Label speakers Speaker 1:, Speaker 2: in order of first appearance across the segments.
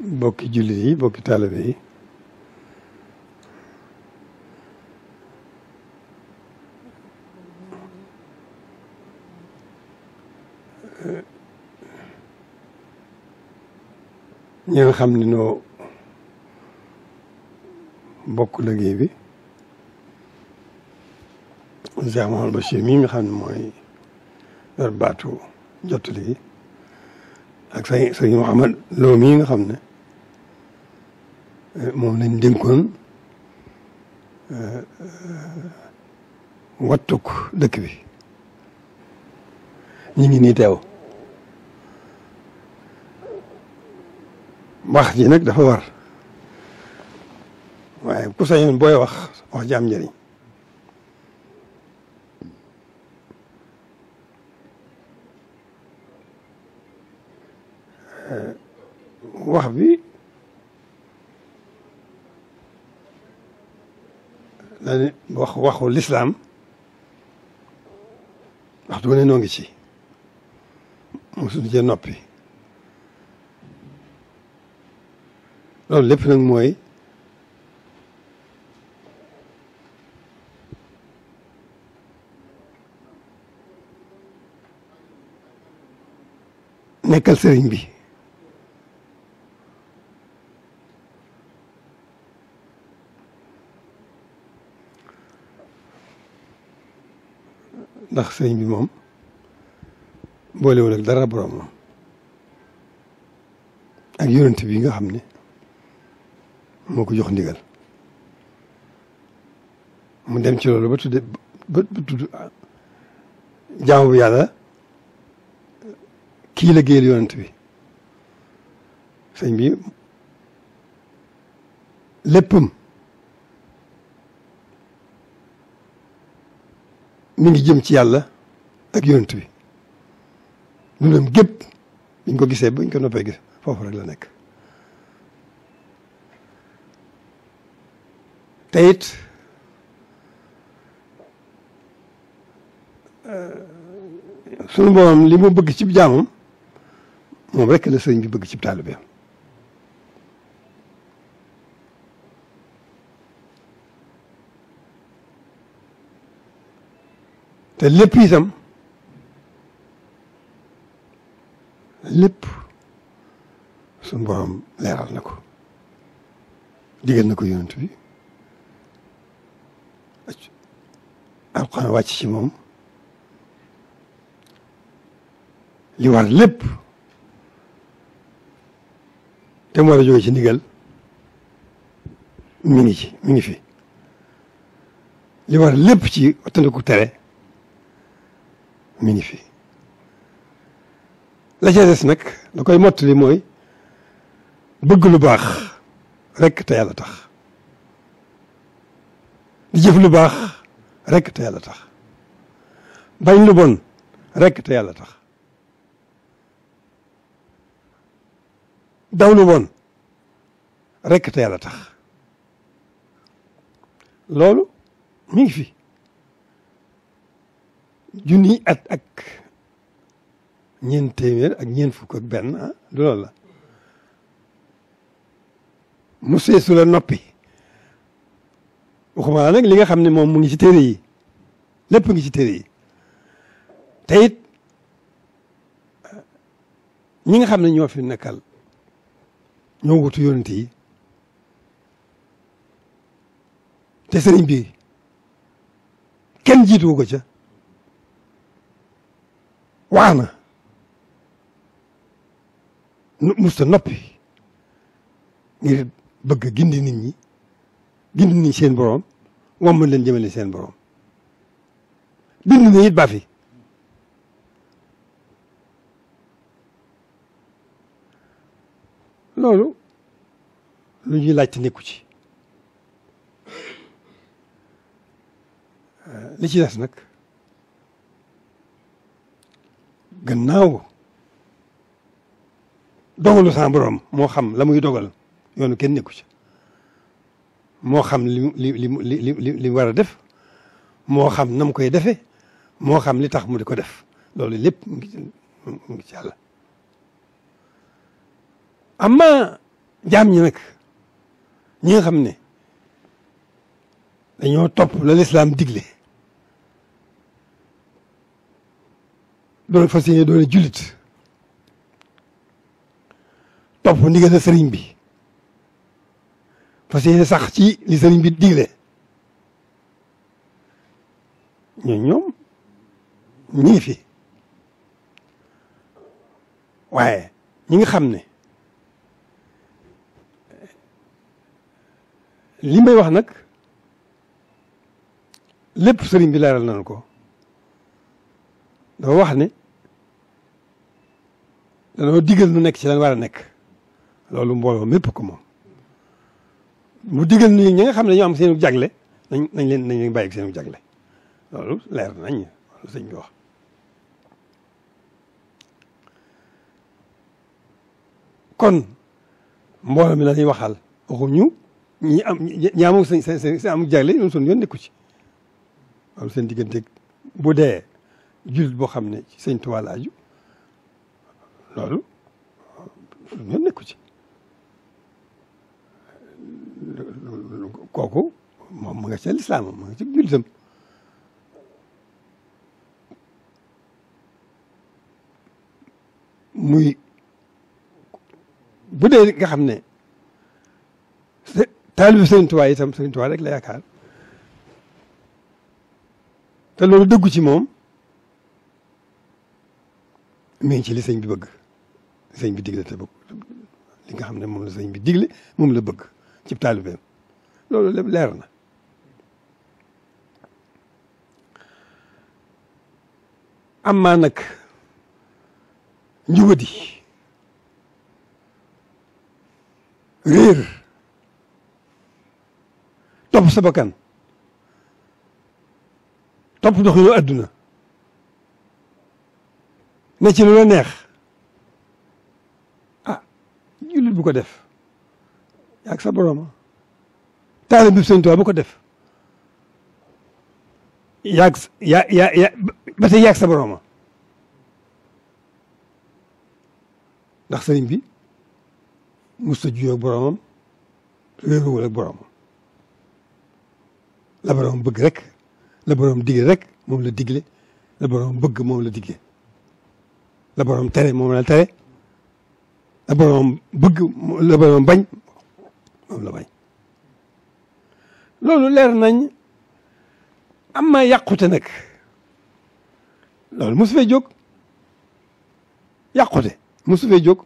Speaker 1: bokki jullit yi bokki taalibe yi ñi nga xam ni noo bokk liggéey bi Cheikh Mouhamadou Bachir mii nga xam ne mooy yor baatu jottali gi ak sëñ sëñ Mouhamad Lo yi nga xam ne moom lañ dénkoon eh, eh, wattuk dëkk bi ñu ngi nii teew wax ji nag dafa war waaye ku booy wax wax jaam njëriñ eh, wax bi daani wax waxu lislaam wax du ne noo ngi ci mosuñu cee noppi loolu lépp nag mooy nekkal sëriñ bi ndax sëriñ bi moom boolewul ak dara boroomam ak yonent bi nga xam ni moo ko jox ndigal mu dem ci loolu ba tudde ba tudd bu yàlla kii la géel yonent bi sëñ bi léppam mi ngi jëm ci yàlla ak yonent bi dundam gépp biñ ko gisee bañ ko noppee gis foofu rek la nekk te it eh, sunu boroom li mu bëgg ci jaamam moom rek la sëriñ bi bëgg ci taalibeem te lépp itam lépp suñu borom leeral na ko digal na ko yonent bi alxuraan wàcc ci moom li war lépp te moo la jóge ci ndigal mi ngi ci mi ngi fi li war lépp ci wattandiku tere mi ngi fi la ca des nag la koy mottali mooy bëgg lu baax rekk te yàlla tax di jëf lu baax rekk te yàlla tax bañ lu bon rekk te yàlla tax daw lu bon rekk te yàlla tax loolu mi ngi fi junni at ak ñeent téeméer ak ñeent fukk ak benn du ah, loolu la mu seesu la noppi waxuma la nag li nga xam ne moom mu ngi ci téere yi lépp ngi ci téere yi te it ñi nga xam ne ñoo fi nekkal ñoo wutu yonent yi te sëriñ bi kenn jiitu ko ca wax na musta noppi ngir bëgg gindi nit ñi gindi nit seen boroom moom mën leen jëmale seen boroom bind na it ba fi loolu lu ñuy laajte nekku ci li ci des nag gannaaw dogalu sa borom moo xam la muy dogal yoonu kenn nekku ci moo xam li li li li li li war a def moo xam nam koy defee moo xam li tax mu di ko def loolu lépp mu ngi ci mu ngi ci yàlla amma jaam ñi nag ñi nga xam ne dañoo topp la lislaam digle doon fas yéene doon jullit topp ndigal la sëriñ bi fas yéene sax ci li sëriñ bi digle ñun ñoom ñu ngi fi waaye ñi nga xam ne limbay wax nag lépp sëriñ bi leeral nañu ko dafa wax ne danoo digal nu nekk ci lan war a nekk loolu mbooloo mépp ko moom mu digal nu ñi nga xam ne dañoo am seenu jagle nañ nañ leen nañ leen seenu jagle loolu leer nañ loolu sëñ bi wax kon mbooloo mi la ñuy waxal waxuñu ñi am ñi amul seen seen seen amul jagle ñun suñu yoon nekku ci loolu seen digganteeg bu dee jullit boo xam ne ci sëñ Tuubaa la loolu ñun nekku ci kooku moom mu nga ca lislaam mu nga ci jullitam muy bu dee nga xam ne taalibu Sëriñ Tuubaa itam Sëriñ Tuubaa rek la yakaar te loolu dëggu ci moom mi ngi ci li sëñ bi bëgg sëñ bi digle te bëgg li nga xam ne moom la sëñ bi digle moom la bëgg ci taalibeem loolu lépp leer na amma nag njubadi réer topp sa bakkan topp doxinu àdduna ne ci lu la neex jullit ko def ak sa borom taalibe bi Sëñ ko def yaag ya ya ya ba tey yaag sa borom ndax sëriñ bi mos a juyoo ak boromam réeruwul la borom bëgg rek la borom digle rek moom la digle la borom bëgg moom la digle la borom tere moom la tere. la boroom bëgg la boroom bañ bañ loolu leer nañ amma ma nag loolu mosu fee jóg yàqute mosu jóg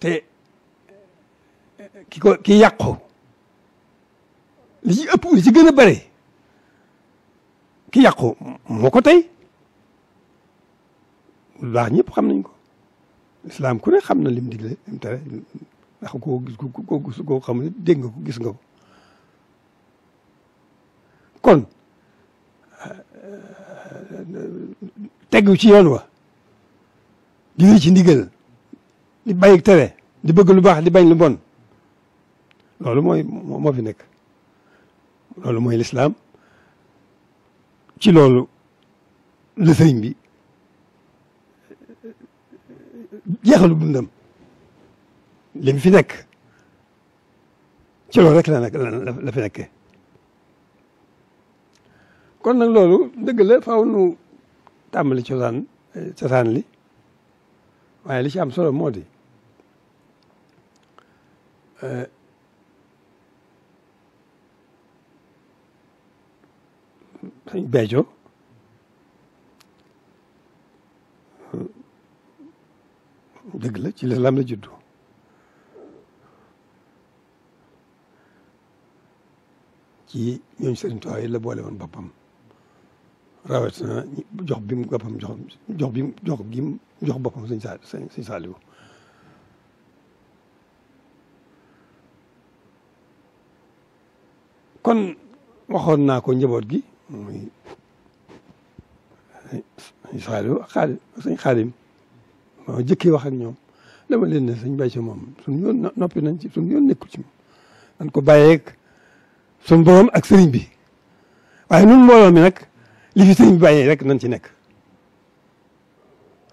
Speaker 1: te ki ko ki li ci ëpp li ci gën a bare ki yàqu moo lu baax ñëpp xam nañ ko islam ku ne xam na lim digle lim tere ko koo gis koo xam ne dégg nga ko gis nga kon tegu ci yoon wa di wéy ci ndigal di bàyyi tere di bëgg lu baax di bañ lu bon loolu mooy moo fi nekk loolu mooy lislaam ci loolu la sëriñ bi jeexalu dundam li mu fi nekk ci loolu rek la nekk la fi nekkee kon nag loolu dëgg la faaw nu tàmbali cosaan cosaan li waaye li ci am solo moo di sëñ Béthio dëgg la ci lam la juddu ci ñooñu Sëriñ Tuubaa yi la boole woon boppam rawatina jox bi mu boppam jox jox bi mu jox gi boppam Sëriñ Saaliw Sëriñ Saaliw kon waxoon naa ko njaboot gi muy Sëriñ Saaliw waaw jëkkee wax ak ñoom dama leen ne bay Bàcce moom suñu yoon noppi nañ ci suñu yoon nekkul ci moom nan ko bàyyeeg suñu borom ak sëriñ bi waaye nun mbooloo mi nag li fi sëriñ bi rek nañ ci nekk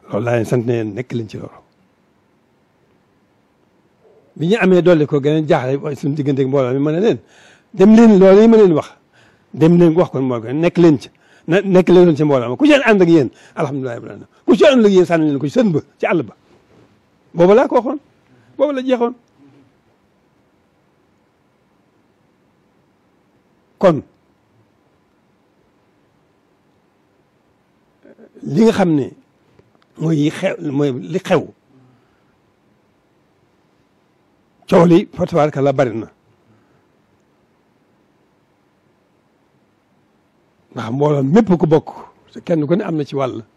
Speaker 1: loolu laa leen nekk leen ci loolu bi ñu amee dolli ko gën a jaaxle suñu diggante ak mbooloo mi ma leen dem leen loolu yi ma leen wax dem leen wax kon moo nekk leen ci na nekk leen ci mbooloo ma ku ci ànd ak yéen alhamdulilah bi ku ci ànd ak yéen sànni leen ko ci sën ba ci àll ba booba laa ko booba la jeexoon kon li nga xam ne mooy xew mooy li xew coow li fatawarka la bari na ndax mbooloo mépp ko bokk te kenn ku ne am na ci wàll